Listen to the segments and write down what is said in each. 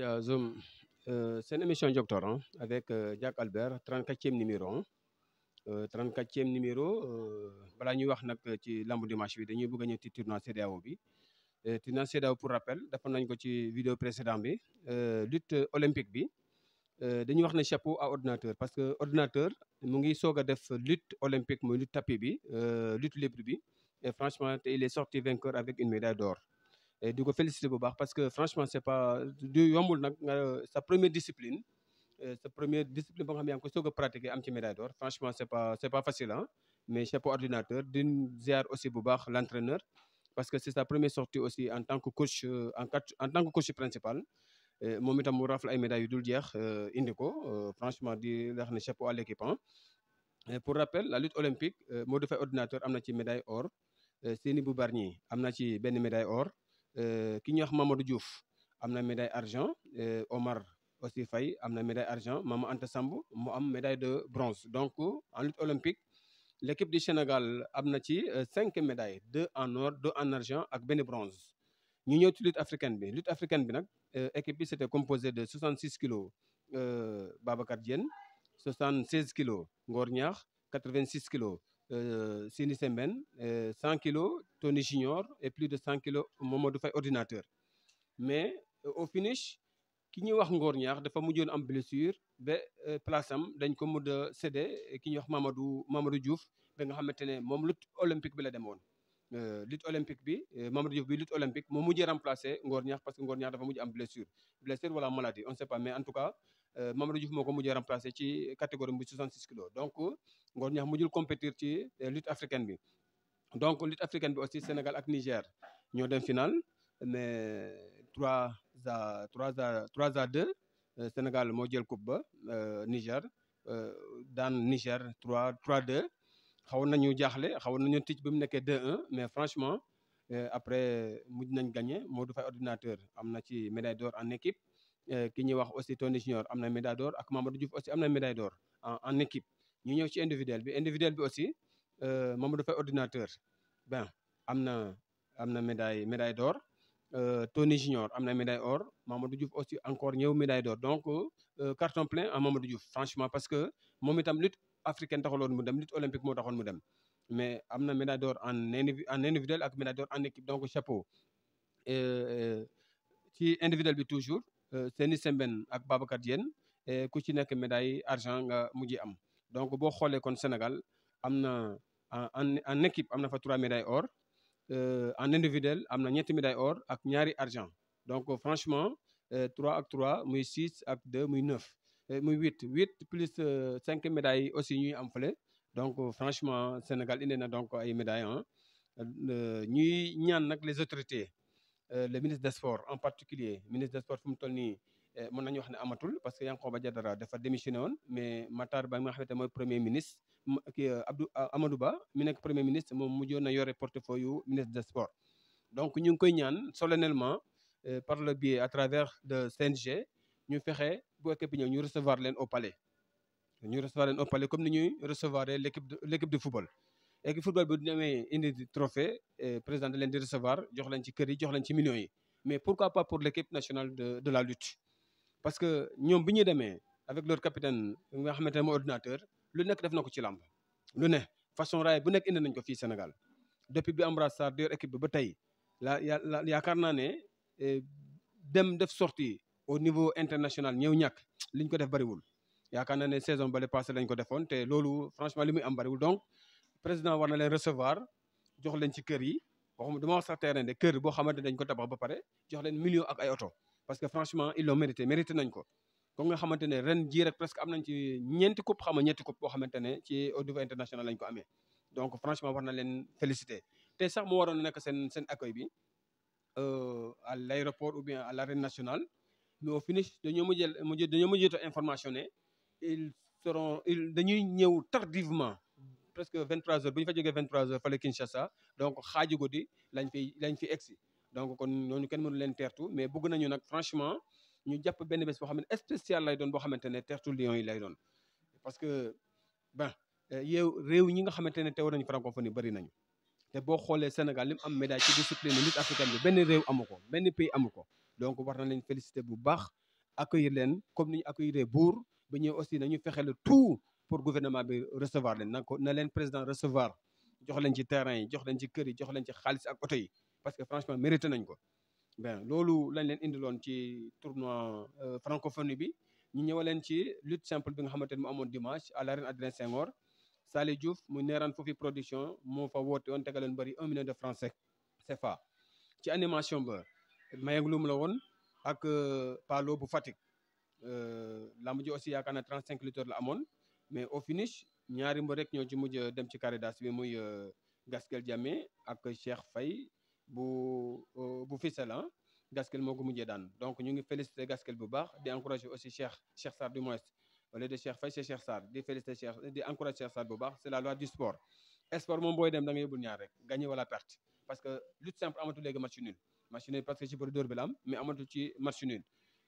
Adja euh, c'est une émission doctorant hein, avec euh, Jack Albert 34e numéro 34e hein. euh, numéro balaa ñuy wax nag ci lambu dimanche bi dañuy bëgg a ñëw ci tournoi CEDEAO bi tournoi pour rappel d'après nañ ko la vidéo précédente, bi lutte olympique bi dañuy wax ne chapeau à ordinateur parce que ordinateur mu ngi soog la lutte olympique la lutte tapis bi lutte libre bi et franchement il est sorti vainqueur avec une médaille d'or et di féliciter félicité parce que franchement c'est pas euh, sa première discipline euh, sa première discipline pour nga xam ko pratiquer am ci médaille d'or franchement c'est n'est pas c'est pas facile hein mais chapeau ordinateur Je ziar aussi bu l'entraîneur l'entraîneur, parce que c'est sa première sortie aussi en tant que coach euh, en en tant que coach principal Je itam mu rafle ay médaille dul indi franchement di wax chapeau à l'équipement. Hein. pour rappel la lutte olympique modou fait ordinateur amna ci médaille or Séni Boubargny barni amna ci médaille or euh, ki Mamadou Diouf amna une médaille argent euh, Omar aussi a une médaille argent Maman Anta a une am médaille de bronze donc en lutte olympique l'équipe du Sénégal a na euh, cinq médailles deux en or deux en argent ak en bronze ñu ñëw ci lutte africaine bi lutte africaine l'équipe nag équipe de 66 kg Babacar Diène 76 kg de 86 kg euh, Sini Semben, euh, 100 kilos, Tony Junior et plus de 100 kilos Momodou Faye ordinateur. Mais euh, au finish, qui nous wax Ngor Niakh dafa mujjoon am blessure be place am dañ ko mujj a cédé ki ñuy wax Mamadou Mamadou Diouf be nga xamante ne moom lutte olympique bi la euh lutte olympique bi Mamadou Diouf bi lutte olympique mo mujjé remplacé Ngor Niakh parce que Ngor Niakh dafa mujj am blessure blessure wala maladie on ne sait pas mais en tout cas euh, Mamadou Diouf moko ko remplacer remplacé ci catégorie bu 66 kg. donc Ngor Niakh mujjul compétir ci euh, lutte africaine bi. donc lutte africaine bi aussi Sénégal ak Niger ñoo dem finale, mais 3 à 3 à 3 à 2 euh, Sénégal mo jël coupe ba Niger Dans Niger 3 3 2 xawoon nañu jaaxle xawoon nañu tic bi mu 2 1 mais franchement après mujj nañ gagné Modou fay ordinateur amna ci médaille d'or en équipe. Euh, ki ñuy wax aussi Tony Junior amna médaille d'or ak Mamadou Diouf aussi amna médaille d'or en équipe ñu ñëw ci individuel bi individuel bi aussi euh, Mamadou fait ordinateur ben amna amna médaille médaille d'or euh, Tony Junior amna médaille d'or Mamadou Diouf aussi encore ñëw médaille d'or donc carton plein à Mamadou Diouf franchement parce que moom itam lutte africaine taxaloon mu dem lutte olympique mo taxone mu dem mais amna médaille d'or en en individuel ak médaille d'or en équipe donc chapeau ci individuel bi toujours euh, Seni Semben ak Babacar Diène eh, ku médaille argent nga donc bo xolé kon Sénégal en équipe trois médailles or euh, en individuel amna ñetti or ak argent donc franchement euh, trois ak trois six ak deux neuf huit plus cinq médailles aussi ñuy am donc franchement Sénégal na donc ay médailles hein. ñuy ñaan les autorités euh, le ministre des sports en particulier ministre des sports fu mu toll nii parce euh, qu'il wax a amatul parce que démission, dafa mais Matar Ba mi nga premier ministre Amadouba, euh, Abdou est le premier ministre qui mujjoon le portefeuille du ministre des sports donc nous avons koy solennellement par le biais à travers de CNG ñu ferons bu recevoir l'en au palais nous recevoir l'en au palais comme nous recevons l'équipe de l'équipe de football et que football bi du indi trophée eh, président de leen recevoir jox lañ ci kër yi jox lañ ci millions yi mais pourquoi pas pour l'équipe nationale de de la lutte. parce que ñom bi ñuy avec leur capitaine nga xamante ne mooy ordinateur lu nekk def nako ci lamb lu ne façon raay bu nekk indi nañ ko fi Sénégal depuis bi Ambroise Sarr équipe bi ba tey la yaakar na né eh, dem def sortie au niveau international ñew ñak liñ ko def wul yaakar na né saison bale passé lañ ko defoon té lolu franchement li am bari wul donc président war na recevoir jox leen ci kër yi waxuma dama wax sax terrain de kër bo xamante dañ ko tabax ba pare jox leen million ak ay auto parce que franchement ils l'ont mérité mérité nañ ko comme nga xamante ren ji rek presque am nañ ci ñeenti coupe xama nga ñetti coupe boo ci au niveau international lañ ko amé donc franchement war na leen féliciter té sax mu waron nek sen sen accueil bi euh, à l'aéroport ou bien à l'arène nationale mais au finish dañoo mujjee dañoo mujjee information ne ils seront ils dañuy ñëw tardivement presque 23 heures bu il fa jógee 23 heures Fallait Kinshasa donc xaaju guddi lañ fi lañ fi egsi donc kon ñooñu kenn mënu leen teertu mais bëgg nañu nag franchement ñu jàpp pas bien boo xam spécial lay doon boo xamante ne tout Lions yi lay doon parce que ben euh, yow réew ñi nga xamante ne teew nañu francophonie bëri nañu te boo xoolee Sénégal li mu am médaille ci discipline lutte africaine bi benn réew amu ko pays amu donc on na leen féliciter bu accueillir leen comme nous ñu accueillir Bour bi ñëw aussi nañu fexe le tout pour gouvernement bi recevoir les n'ako ko na président recevoir jox leen ci terrain yi jox leen ci kër yi jox ci parce que franchement mérité nañ ko. bien loolu lañ leen indiloon ci tournoi euh, francophonie bi ñu ñëwaleen ci lutte simple bi nga xamante ne dimanche à l'arène Adrien Senghor. Sali Diouf mu neeraan foofu production mon fa on woon tegaleen un million de francs CFA ci animation ba Mayang Loum la woon ak euh, Palo bu Euh, lamb ji aussi a naa 35 lutteurs la amoon mais au finish ñaari avons rek ñoo ci mujj euh, dem ci Caritas bi muy euh, Gaskel Diamé Cheikh Faye bu euh, bu Fissel hein. Gaskel donc ñu ngi féliciter Gaskel bu baax di aussi Cheikh Cheikh moins de Cheikh c'est Cheikh di Cheikh Cheikh c'est la loi du sport sport boy dem da perte parce que lutte simple match nul match nul parce que ci pour mais ci match nul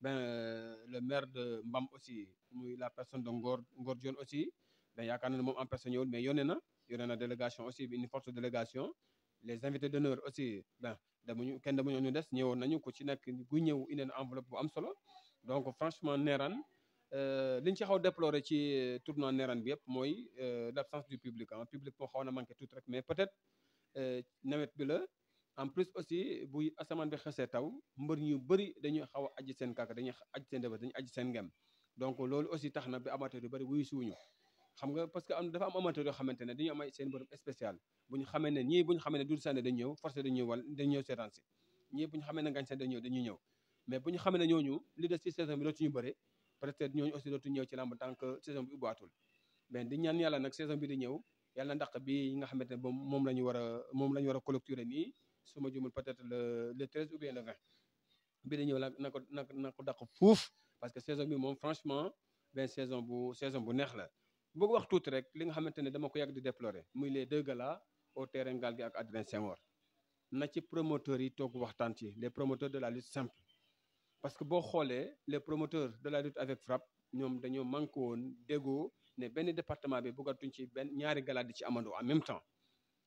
ben euh, le maire de Mbam aussi la personne de Ngor Ngor y aussi ben yaakaar na ne moom en personne ñëwul mais yónnee na a na délégation aussi une forte délégation les invités d'honneur aussi ben damuñu kenn damuñu ñu des ñëwoon nañu ku ci nekk bu ñëw indi enveloppe bu am solo donc franchement Néerane euh, li que ci xaw déplorer ci euh, tournoi Néerane bi yëpp l'absence du public Le hein. public moo xaw manqué tout rek mais peut-être nawet bi la en plus aussi bu asamaan bi xesee taw mbër ñu bëri dañuy xaw a aji seen kàkk dañuy aji seen dëbës dañuy aji seen ngem donc loolu aussi tax na bi amateur yu bëri wuyu suñu xam nga parce que am dafa am amateur yoo xamante ne dañu am ay seen mbërëm spécial bu ñu xamee ne ñii bu ñu xamee ne Doudou Sané dañu ñëw ne Ngagne Sène dañu ñëw dañuy ñëw mais bu ñu xamee ñooñu li des ci saison bi dootuñu bëre peut-être ñooñu aussi dootuñu ñëw ci làmb tant que saison bi ubbiwaatul mais di ñaan yàlla nag saison bi di ñëw yàlla na ndaq bi nga xamante ne moom la ñu war moom la ñu war a clôturer nii peut-être le 13 ou bien le 20. bi la na parce que saison franchement ben saison bu saison bu la wax rek li nga dama ko déplorer les deux là, au terrain na les promoteurs de la lutte simple parce que les promoteurs de la lutte avec frappe ñom ont manqué ne département bi ci ñaari gala en même temps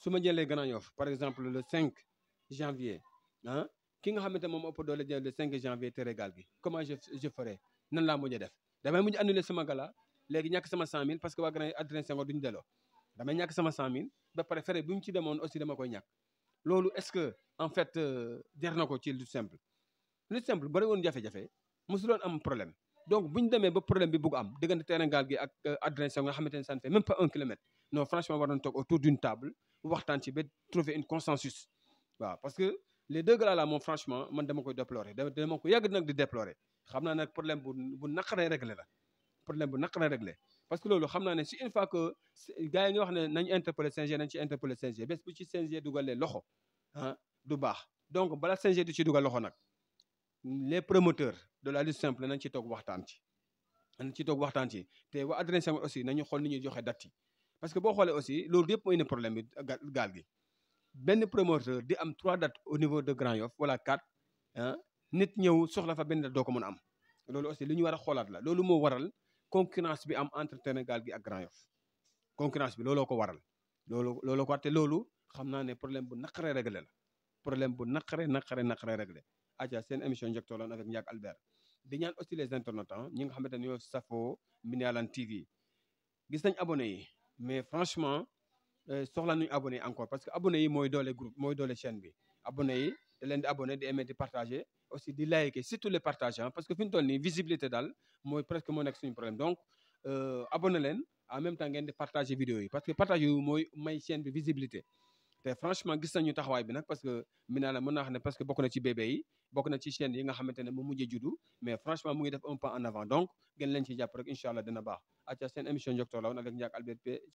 suma ma jëlee Grand par exemple le 5 janvier hein ki nga xamante mom ëpp doole jël le 5 janvier te régal gi comment je je ferai nan la mujj def damay mujj annuler sama gala léegi ñak sama 100000 parce que wa Grand Adrien Senghor duñ delloo damay ñak sama 100000 ba paré fere buñ ci demoon aussi dama koy ñak loolu est-ce que en fait euh, jar na ko ci lu simple lu simple bari woon jafé jafe mosuloon am problème donc buñ démé ba problème bi bugg am diggante terrain gaal gi ak euh, Adrien Senghor nga xamante sa ne fait même pas un kilomètre non franchement war nañ toog autour d'une table waxtan ci ba trouver une consensus waaw parce que les deux gars là mon franchement man dama koy déplorer dama ko yag nak di déplorer xamna nak problème bu bu naqaree régler la problème bu naqaree régler parce que lolu xamna né si une fois que gars yi nga wax né nañ interpeller CNG nañ ci interpeller CNG bés bu ci CNG dugalee loxo ah du baax donc bala CNG du ci dugal loxo nak les promoteurs de la lutte simple nañ ci tok waxtan ci nañ ci tok waxtan ci té wa adressé aussi nañu xol ni ñu joxé date parce que boo xoolee aussi loolu yëpp mooy problème de gaal Ben benn promoteur di am trois dates au niveau de Grand Yoff voilà quatre ah nit a soxla fa benn date doo ko mën am loolu aussi li ñu war a xoolaat la loolu moo waral concurrence bi am entre terrain gaal gi ak Grand Yoff concurrence bi lolo ko waral Lolo lolo ko te lolu xamna né problème bu nakaré régler la problème bu nakaré nakaré naqaree réglé aja sen émission tolon avec ñak Albert di ñaan aussi les internautes hein, ñi nga xamante ne ñoo safoo Mindialane TV gis nañ abonné yi mais franchement euh, la nuit abonné encore parce que abonné yi dans les groupe mooy doole chaîne bi abonné yi vous di abonné di aimer di partager aussi di liker surtout les partageurs parce que fin ñu visibilité dalle, mooy presque mon nekk suñu problème donc euh, abonné leen en même temps de di partager vidéo parce que partager, yooyu mooy may chaîne bi visibilité franchement gis nañu taxaway bi nak parce que mi naa la parce que bokk na ci bébé yi bokk na ci chaîne yi nga xamante mo mujjé mais franchement mu ngi def un pas en avant donc ngeen leen ci japp rek incha allah dina aca seen émission njoktoor la Albert P